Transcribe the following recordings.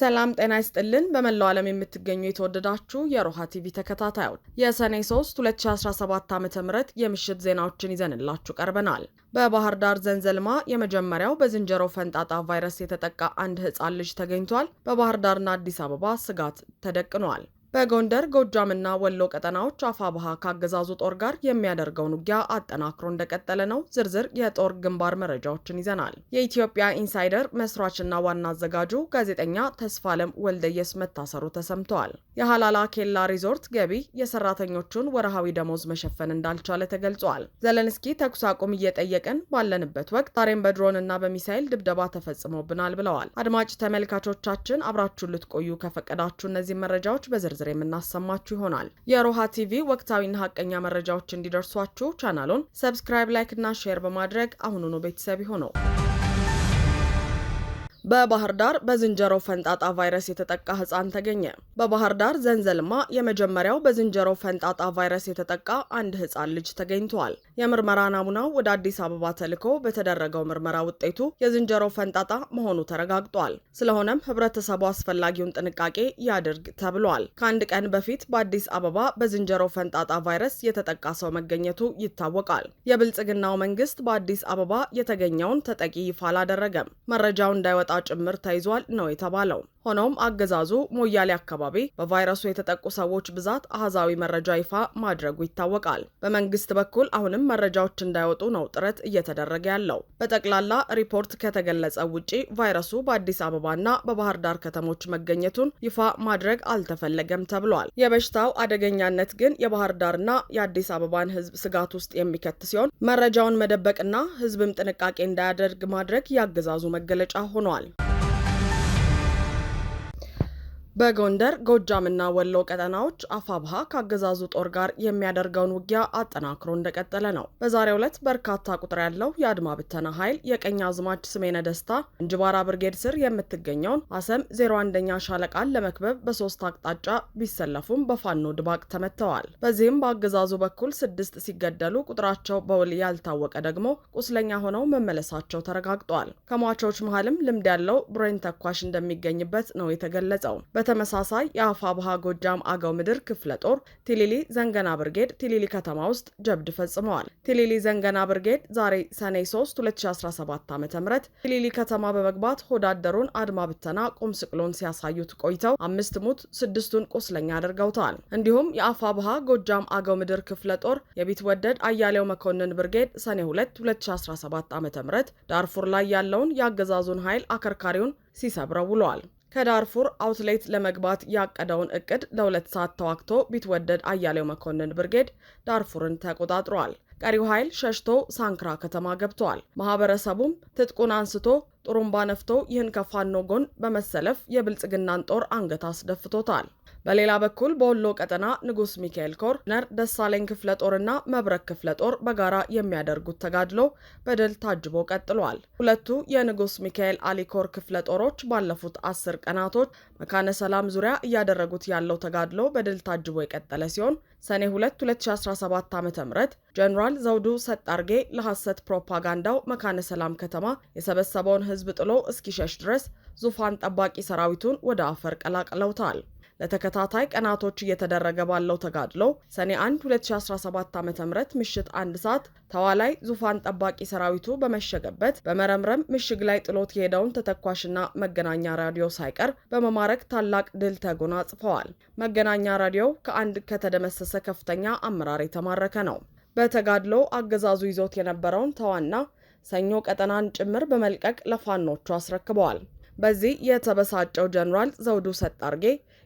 ሰላም ጤና ይስጥልን። በመላው ዓለም የምትገኙ የተወደዳችሁ የሮሃ ቲቪ ተከታታዮች የሰኔ 3 2017 ዓ ም የምሽት ዜናዎችን ይዘንላችሁ ቀርበናል። በባህር ዳር ዘንዘልማ የመጀመሪያው በዝንጀሮ ፈንጣጣ ቫይረስ የተጠቃ አንድ ህፃን ልጅ ተገኝቷል። በባህር ዳርና አዲስ አበባ ስጋት ተደቅኗል። በጎንደር ጎጃምና ወሎ ቀጠናዎች አፋብሃ ካገዛዙ ጦር ጋር የሚያደርገውን ውጊያ አጠናክሮ እንደቀጠለ ነው። ዝርዝር የጦር ግንባር መረጃዎችን ይዘናል። የኢትዮጵያ ኢንሳይደር መስራችና ዋና አዘጋጁ ጋዜጠኛ ተስፋለም ወልደየስ መታሰሩ ተሰምተዋል። የሃላላ ኬላ ሪዞርት ገቢ የሰራተኞቹን ወረሃዊ ደሞዝ መሸፈን እንዳልቻለ ተገልጿል። ዘለንስኪ ተኩስ አቁም እየጠየቅን ባለንበት ወቅት ዛሬም በድሮንና በሚሳይል ድብደባ ተፈጽሞብናል ብለዋል። አድማጭ ተመልካቾቻችን አብራችሁን ልትቆዩ ከፈቀዳችሁ እነዚህ መረጃዎች በዝርዝር በዝርዝር የምናሰማችሁ ይሆናል። የሮሃ ቲቪ ወቅታዊና ሀቀኛ መረጃዎች እንዲደርሷችሁ ቻናሉን ሰብስክራይብ፣ ላይክ እና ሼር በማድረግ አሁኑኑ ቤተሰብ ይሆነው። በባህር ዳር በዝንጀሮ ፈንጣጣ ቫይረስ የተጠቃ ህፃን ተገኘ። በባህር ዳር ዘንዘልማ የመጀመሪያው በዝንጀሮ ፈንጣጣ ቫይረስ የተጠቃ አንድ ህፃን ልጅ ተገኝቷል። የምርመራ ናሙናው ወደ አዲስ አበባ ተልኮ በተደረገው ምርመራ ውጤቱ የዝንጀሮ ፈንጣጣ መሆኑ ተረጋግጧል። ስለሆነም ህብረተሰቡ አስፈላጊውን ጥንቃቄ ያድርግ ተብሏል። ከአንድ ቀን በፊት በአዲስ አበባ በዝንጀሮ ፈንጣጣ ቫይረስ የተጠቃ ሰው መገኘቱ ይታወቃል። የብልጽግናው መንግስት በአዲስ አበባ የተገኘውን ተጠቂ ይፋ አላደረገም። መረጃው እንዳይወጣ ሸቀጣ ጭምር ተይዟል ነው የተባለው። ሆኖም አገዛዙ ሞያሌ አካባቢ በቫይረሱ የተጠቁ ሰዎች ብዛት አህዛዊ መረጃ ይፋ ማድረጉ ይታወቃል። በመንግስት በኩል አሁንም መረጃዎች እንዳይወጡ ነው ጥረት እየተደረገ ያለው። በጠቅላላ ሪፖርት ከተገለጸ ውጪ ቫይረሱ በአዲስ አበባና በባህር ዳር ከተሞች መገኘቱን ይፋ ማድረግ አልተፈለገም ተብሏል። የበሽታው አደገኛነት ግን የባህር ዳርና የአዲስ አበባን ሕዝብ ስጋት ውስጥ የሚከት ሲሆን መረጃውን መደበቅና ህዝብም ጥንቃቄ እንዳያደርግ ማድረግ ያገዛዙ መገለጫ ሆኗል። በጎንደር ጎጃምና ወሎ ቀጠናዎች አፋብሃ ከአገዛዙ ጦር ጋር የሚያደርገውን ውጊያ አጠናክሮ እንደቀጠለ ነው። በዛሬው ዕለት በርካታ ቁጥር ያለው የአድማ ብተና ኃይል የቀኝ አዝማች ስሜነ ደስታ እንጅባራ ብርጌድ ስር የምትገኘውን አሰም 01ኛ ሻለቃን ለመክበብ በሶስት አቅጣጫ ቢሰለፉም በፋኖ ድባቅ ተመትተዋል። በዚህም በአገዛዙ በኩል ስድስት ሲገደሉ ቁጥራቸው በውል ያልታወቀ ደግሞ ቁስለኛ ሆነው መመለሳቸው ተረጋግጧል። ከሟቾች መሀልም ልምድ ያለው ብሬን ተኳሽ እንደሚገኝበት ነው የተገለጸው። በተመሳሳይ የአፋ ባሃ ጎጃም አገው ምድር ክፍለ ጦር ቲሊሊ ዘንገና ብርጌድ ቲሊሊ ከተማ ውስጥ ጀብድ ፈጽመዋል። ቲሊሊ ዘንገና ብርጌድ ዛሬ ሰኔ 3 2017 ዓ ም ቲሊሊ ከተማ በመግባት ሆዳደሩን አድማ ብተና ቁም ስቅሎን ሲያሳዩት ቆይተው አምስት ሙት ስድስቱን ቁስለኛ አድርገውታል። እንዲሁም የአፋ ባሃ ጎጃም አገው ምድር ክፍለ ጦር ወደድ አያሌው መኮንን ብርጌድ ሰኔ 2 2017 ዓ ም ዳርፉር ላይ ያለውን የአገዛዙን ኃይል አከርካሪውን ሲሰብረው ውለዋል። ከዳርፉር አውትሌት ለመግባት ያቀደውን እቅድ ለሁለት ሰዓት ተዋግቶ ቢትወደድ አያሌው መኮንን ብርጌድ ዳርፉርን ተቆጣጥሯል። ቀሪው ኃይል ሸሽቶ ሳንክራ ከተማ ገብተዋል። ማህበረሰቡም ትጥቁን አንስቶ ጥሩምባ ነፍቶ ይህን ከፋኖ ጎን በመሰለፍ የብልጽግናን ጦር አንገት አስደፍቶታል። በሌላ በኩል በወሎ ቀጠና ንጉስ ሚካኤል ኮር ነር ደሳለኝ ክፍለ ጦርና መብረክ ክፍለ ጦር በጋራ የሚያደርጉት ተጋድሎ በድል ታጅቦ ቀጥሏል። ሁለቱ የንጉስ ሚካኤል አሊኮር ክፍለ ጦሮች ባለፉት አስር ቀናቶች መካነ ሰላም ዙሪያ እያደረጉት ያለው ተጋድሎ በድል ታጅቦ የቀጠለ ሲሆን ሰኔ 2 2017 ዓ ም ጀኔራል ዘውዱ ሰጣርጌ ለሐሰት ፕሮፓጋንዳው መካነ ሰላም ከተማ የሰበሰበውን ህዝብ ጥሎ እስኪሸሽ ድረስ ዙፋን ጠባቂ ሰራዊቱን ወደ አፈር ቀላቅለውታል። ለተከታታይ ቀናቶች እየተደረገ ባለው ተጋድሎ ሰኔ 1 2017 ዓ ም ምሽት አንድ ሰዓት ተዋላይ ዙፋን ጠባቂ ሰራዊቱ በመሸገበት በመረምረም ምሽግ ላይ ጥሎት የሄደውን ተተኳሽና መገናኛ ራዲዮ ሳይቀር በመማረክ ታላቅ ድል ተጎናጽፈዋል። መገናኛ ራዲዮ ከአንድ ከተደመሰሰ ከፍተኛ አመራር የተማረከ ነው። በተጋድሎ አገዛዙ ይዞት የነበረውን ተዋና ሰኞ ቀጠናን ጭምር በመልቀቅ ለፋኖቹ አስረክበዋል። በዚህ የተበሳጨው ጀኔራል ዘውዱ ሰጣርጌ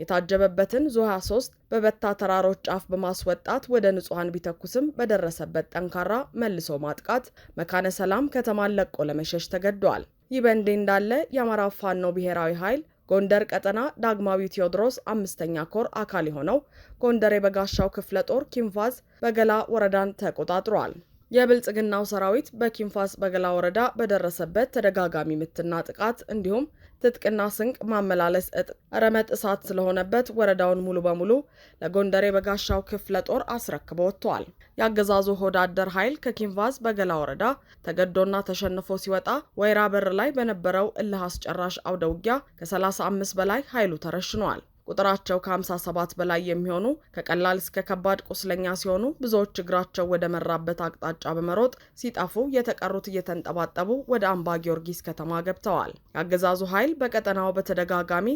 የታጀበበትን ዙሃ 3 በበታ ተራሮች ጫፍ በማስወጣት ወደ ንጹሐን ቢተኩስም በደረሰበት ጠንካራ መልሶ ማጥቃት መካነ ሰላም ከተማን ለቆ ለመሸሽ ተገዷል። ይህ በእንዲህ እንዳለ የአማራ ፋኖ ብሔራዊ ኃይል ጎንደር ቀጠና ዳግማዊ ቴዎድሮስ አምስተኛ ኮር አካል የሆነው ጎንደር የበጋሻው ክፍለ ጦር ኪንፋዝ በገላ ወረዳን ተቆጣጥሯል። የብልጽግናው ሰራዊት በኪንፋስ በገላ ወረዳ በደረሰበት ተደጋጋሚ ምትና ጥቃት እንዲሁም ትጥቅና ስንቅ ማመላለስ ረመጥ እሳት ስለሆነበት ወረዳውን ሙሉ በሙሉ ለጎንደሬ በጋሻው ክፍለ ጦር አስረክቦ ወጥተዋል። የአገዛዙ ሆዳደር ኃይል ከኪንቫዝ በገላ ወረዳ ተገዶና ተሸንፎ ሲወጣ ወይራ በር ላይ በነበረው እልህ አስጨራሽ አውደ ውጊያ ከ35 በላይ ኃይሉ ተረሽኗል። ቁጥራቸው ከ57 በላይ የሚሆኑ ከቀላል እስከ ከባድ ቁስለኛ ሲሆኑ ብዙዎች እግራቸው ወደ መራበት አቅጣጫ በመሮጥ ሲጠፉ፣ የተቀሩት እየተንጠባጠቡ ወደ አምባ ጊዮርጊስ ከተማ ገብተዋል። የአገዛዙ ኃይል በቀጠናው በተደጋጋሚ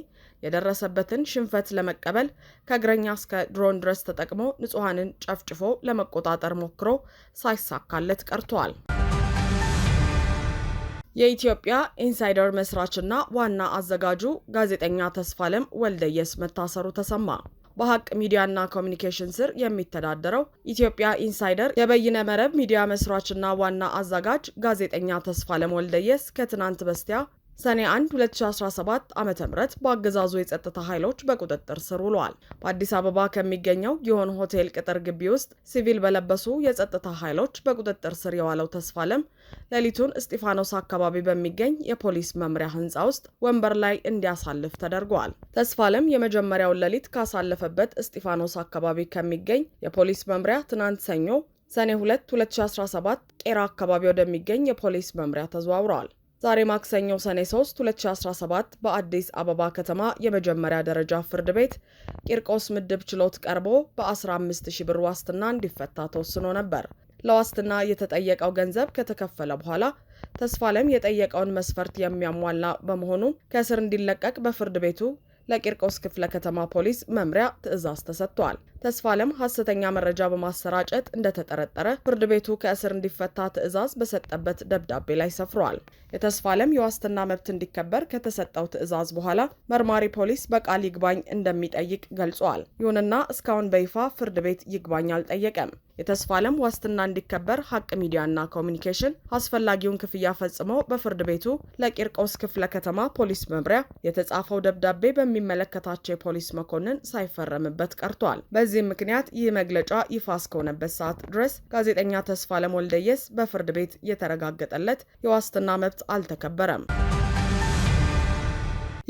የደረሰበትን ሽንፈት ለመቀበል ከእግረኛ እስከ ድሮን ድረስ ተጠቅሞ ንጹሐንን ጨፍጭፎ ለመቆጣጠር ሞክሮ ሳይሳካለት ቀርቷል። የኢትዮጵያ ኢንሳይደር መስራችና ዋና አዘጋጁ ጋዜጠኛ ተስፋለም ወልደየስ መታሰሩ ተሰማ። በሀቅ ሚዲያና ኮሚኒኬሽን ስር የሚተዳደረው ኢትዮጵያ ኢንሳይደር የበይነ መረብ ሚዲያ መስራችና ዋና አዘጋጅ ጋዜጠኛ ተስፋለም ወልደየስ ከትናንት በስቲያ ሰኔ 1 2017 ዓ ም በአገዛዙ የጸጥታ ኃይሎች በቁጥጥር ስር ውለዋል። በአዲስ አበባ ከሚገኘው ጊዮን ሆቴል ቅጥር ግቢ ውስጥ ሲቪል በለበሱ የጸጥታ ኃይሎች በቁጥጥር ስር የዋለው ተስፋለም ሌሊቱን እስጢፋኖስ አካባቢ በሚገኝ የፖሊስ መምሪያ ህንፃ ውስጥ ወንበር ላይ እንዲያሳልፍ ተደርገዋል። ተስፋለም የመጀመሪያውን ሌሊት ካሳለፈበት እስጢፋኖስ አካባቢ ከሚገኝ የፖሊስ መምሪያ ትናንት ሰኞ ሰኔ 2 2017 ቄራ አካባቢ ወደሚገኝ የፖሊስ መምሪያ ተዘዋውረዋል። ዛሬ ማክሰኞ ሰኔ 3 2017 በአዲስ አበባ ከተማ የመጀመሪያ ደረጃ ፍርድ ቤት ቂርቆስ ምድብ ችሎት ቀርቦ በ15000 ብር ዋስትና እንዲፈታ ተወስኖ ነበር። ለዋስትና የተጠየቀው ገንዘብ ከተከፈለ በኋላ ተስፋለም የጠየቀውን መስፈርት የሚያሟላ በመሆኑ ከእስር እንዲለቀቅ በፍርድ ቤቱ ለቂርቆስ ክፍለ ከተማ ፖሊስ መምሪያ ትዕዛዝ ተሰጥቷል። ተስፋ አለም ሀሰተኛ መረጃ በማሰራጨት እንደተጠረጠረ ፍርድ ቤቱ ከእስር እንዲፈታ ትዕዛዝ በሰጠበት ደብዳቤ ላይ ሰፍሯል። የተስፋ አለም የዋስትና መብት እንዲከበር ከተሰጠው ትዕዛዝ በኋላ መርማሪ ፖሊስ በቃል ይግባኝ እንደሚጠይቅ ገልጿል። ይሁንና እስካሁን በይፋ ፍርድ ቤት ይግባኝ አልጠየቀም። የተስፋ አለም ዋስትና እንዲከበር ሀቅ ሚዲያና ኮሚኒኬሽን አስፈላጊውን ክፍያ ፈጽመው በፍርድ ቤቱ ለቂርቆስ ክፍለ ከተማ ፖሊስ መምሪያ የተጻፈው ደብዳቤ በሚመለከታቸው የፖሊስ መኮንን ሳይፈረምበት ቀርቷል። በዚህም ምክንያት ይህ መግለጫ ይፋ እስከሆነበት ሰዓት ድረስ ጋዜጠኛ ተስፋለም ወልደየስ በፍርድ ቤት የተረጋገጠለት የዋስትና መብት አልተከበረም።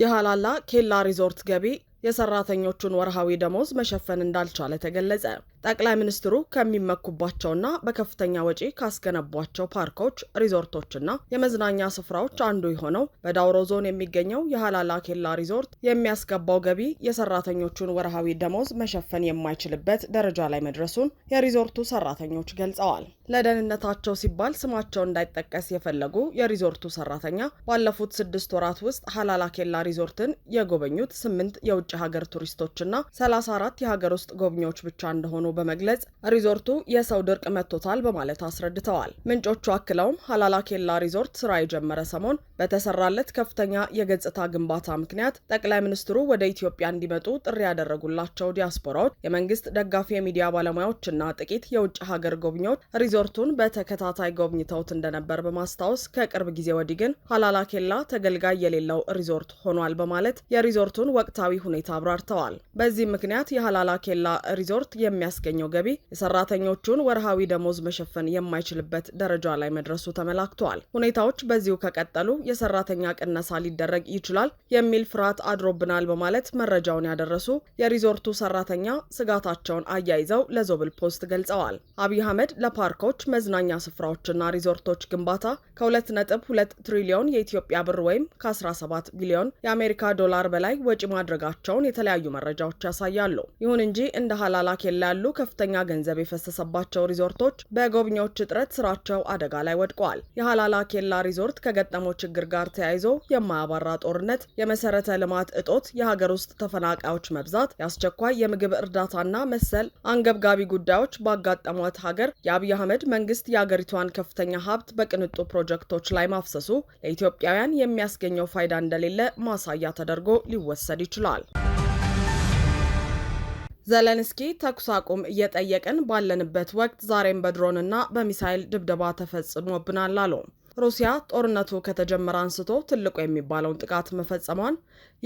የሃላላ ኬላ ሪዞርት ገቢ የሰራተኞቹን ወርሃዊ ደሞዝ መሸፈን እንዳልቻለ ተገለጸ። ጠቅላይ ሚኒስትሩ ከሚመኩባቸውና በከፍተኛ ወጪ ካስገነቧቸው ፓርኮች፣ ሪዞርቶችና የመዝናኛ ስፍራዎች አንዱ የሆነው በዳውሮ ዞን የሚገኘው የሀላላ ኬላ ሪዞርት የሚያስገባው ገቢ የሰራተኞቹን ወርሃዊ ደሞዝ መሸፈን የማይችልበት ደረጃ ላይ መድረሱን የሪዞርቱ ሰራተኞች ገልጸዋል። ለደህንነታቸው ሲባል ስማቸው እንዳይጠቀስ የፈለጉ የሪዞርቱ ሰራተኛ ባለፉት ስድስት ወራት ውስጥ ሀላላ ኬላ ሪዞርትን የጎበኙት ስምንት የውጭ ሀገር ቱሪስቶችና ሰላሳ አራት የሀገር ውስጥ ጎብኚዎች ብቻ እንደሆኑ በመግለጽ ሪዞርቱ የሰው ድርቅ መጥቶታል በማለት አስረድተዋል። ምንጮቹ አክለውም ሀላላ ኬላ ሪዞርት ስራ የጀመረ ሰሞን በተሰራለት ከፍተኛ የገጽታ ግንባታ ምክንያት ጠቅላይ ሚኒስትሩ ወደ ኢትዮጵያ እንዲመጡ ጥሪ ያደረጉላቸው ዲያስፖራዎች፣ የመንግስት ደጋፊ የሚዲያ ባለሙያዎችና ጥቂት የውጭ ሀገር ጎብኚዎች ሪዞርቱን በተከታታይ ጎብኝተውት እንደነበር በማስታወስ ከቅርብ ጊዜ ወዲህ ግን ሀላላ ኬላ ተገልጋይ የሌለው ሪዞርት ሆኗል በማለት የሪዞርቱን ወቅታዊ ሁኔታ አብራርተዋል። በዚህም ምክንያት የሀላላ ኬላ ሪዞርት የሚያስ የሚያስገኘው ገቢ የሰራተኞቹን ወርሃዊ ደሞዝ መሸፈን የማይችልበት ደረጃ ላይ መድረሱ ተመላክተዋል። ሁኔታዎች በዚሁ ከቀጠሉ የሰራተኛ ቅነሳ ሊደረግ ይችላል የሚል ፍርሃት አድሮብናል በማለት መረጃውን ያደረሱ የሪዞርቱ ሰራተኛ ስጋታቸውን አያይዘው ለዞብል ፖስት ገልጸዋል። አብይ አህመድ ለፓርኮች፣ መዝናኛ ስፍራዎችና ሪዞርቶች ግንባታ ከ2.2 ትሪሊዮን የኢትዮጵያ ብር ወይም ከ17 ቢሊዮን የአሜሪካ ዶላር በላይ ወጪ ማድረጋቸውን የተለያዩ መረጃዎች ያሳያሉ። ይሁን እንጂ እንደ ሀላላ ኬላ ያሉ ከፍተኛ ገንዘብ የፈሰሰባቸው ሪዞርቶች በጎብኚዎች እጥረት ስራቸው አደጋ ላይ ወድቋል። የሀላላ ኬላ ሪዞርት ከገጠመው ችግር ጋር ተያይዞ የማያባራ ጦርነት፣ የመሰረተ ልማት እጦት፣ የሀገር ውስጥ ተፈናቃዮች መብዛት፣ የአስቸኳይ የምግብ እርዳታና መሰል አንገብጋቢ ጉዳዮች ባጋጠሟት ሀገር የአብይ አህመድ መንግስት የአገሪቷን ከፍተኛ ሀብት በቅንጡ ፕሮጀክቶች ላይ ማፍሰሱ ለኢትዮጵያውያን የሚያስገኘው ፋይዳ እንደሌለ ማሳያ ተደርጎ ሊወሰድ ይችላል። ዘለንስኪ ተኩስ አቁም እየጠየቅን ባለንበት ወቅት ዛሬም በድሮንና በሚሳይል ድብደባ ተፈጽሞብናል አሉ። ሩሲያ ጦርነቱ ከተጀመረ አንስቶ ትልቁ የሚባለውን ጥቃት መፈጸሟን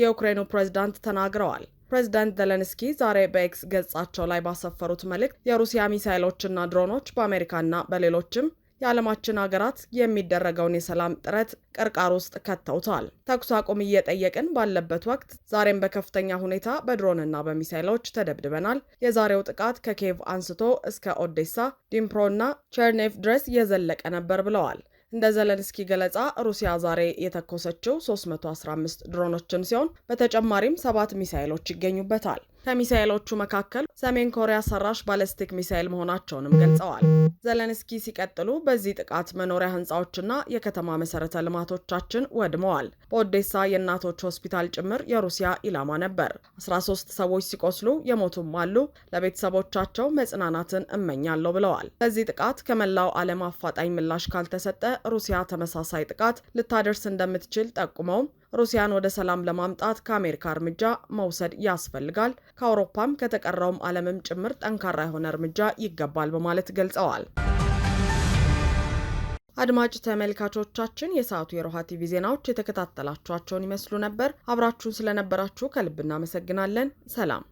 የዩክሬኑ ፕሬዝዳንት ተናግረዋል። ፕሬዚዳንት ዘለንስኪ ዛሬ በኤክስ ገጻቸው ላይ ባሰፈሩት መልእክት የሩሲያ ሚሳይሎችና ድሮኖች በአሜሪካና በሌሎችም የዓለማችን ሀገራት የሚደረገውን የሰላም ጥረት ቅርቃር ውስጥ ከተውታል። ተኩስ አቁም እየጠየቅን ባለበት ወቅት ዛሬም በከፍተኛ ሁኔታ በድሮንና በሚሳይሎች ተደብድበናል። የዛሬው ጥቃት ከኬቭ አንስቶ እስከ ኦዴሳ፣ ዲምፕሮና ቸርኔቭ ድረስ የዘለቀ ነበር ብለዋል። እንደ ዘለንስኪ ገለጻ ሩሲያ ዛሬ የተኮሰችው 315 ድሮኖችን ሲሆን በተጨማሪም ሰባት ሚሳይሎች ይገኙበታል። ከሚሳኤሎቹ መካከል ሰሜን ኮሪያ ሰራሽ ባለስቲክ ሚሳኤል መሆናቸውንም ገልጸዋል። ዘለንስኪ ሲቀጥሉ በዚህ ጥቃት መኖሪያ ህንፃዎችና የከተማ መሰረተ ልማቶቻችን ወድመዋል። በኦዴሳ የእናቶች ሆስፒታል ጭምር የሩሲያ ኢላማ ነበር። 13 ሰዎች ሲቆስሉ የሞቱም አሉ። ለቤተሰቦቻቸው መጽናናትን እመኛለሁ ብለዋል። በዚህ ጥቃት ከመላው ዓለም አፋጣኝ ምላሽ ካልተሰጠ ሩሲያ ተመሳሳይ ጥቃት ልታደርስ እንደምትችል ጠቁመው ሩሲያን ወደ ሰላም ለማምጣት ከአሜሪካ እርምጃ መውሰድ ያስፈልጋል፣ ከአውሮፓም ከተቀረውም ዓለምም ጭምር ጠንካራ የሆነ እርምጃ ይገባል በማለት ገልጸዋል። አድማጭ ተመልካቾቻችን የሰዓቱ የሮሃ ቲቪ ዜናዎች የተከታተላችኋቸውን ይመስሉ ነበር። አብራችሁን ስለነበራችሁ ከልብ እናመሰግናለን። ሰላም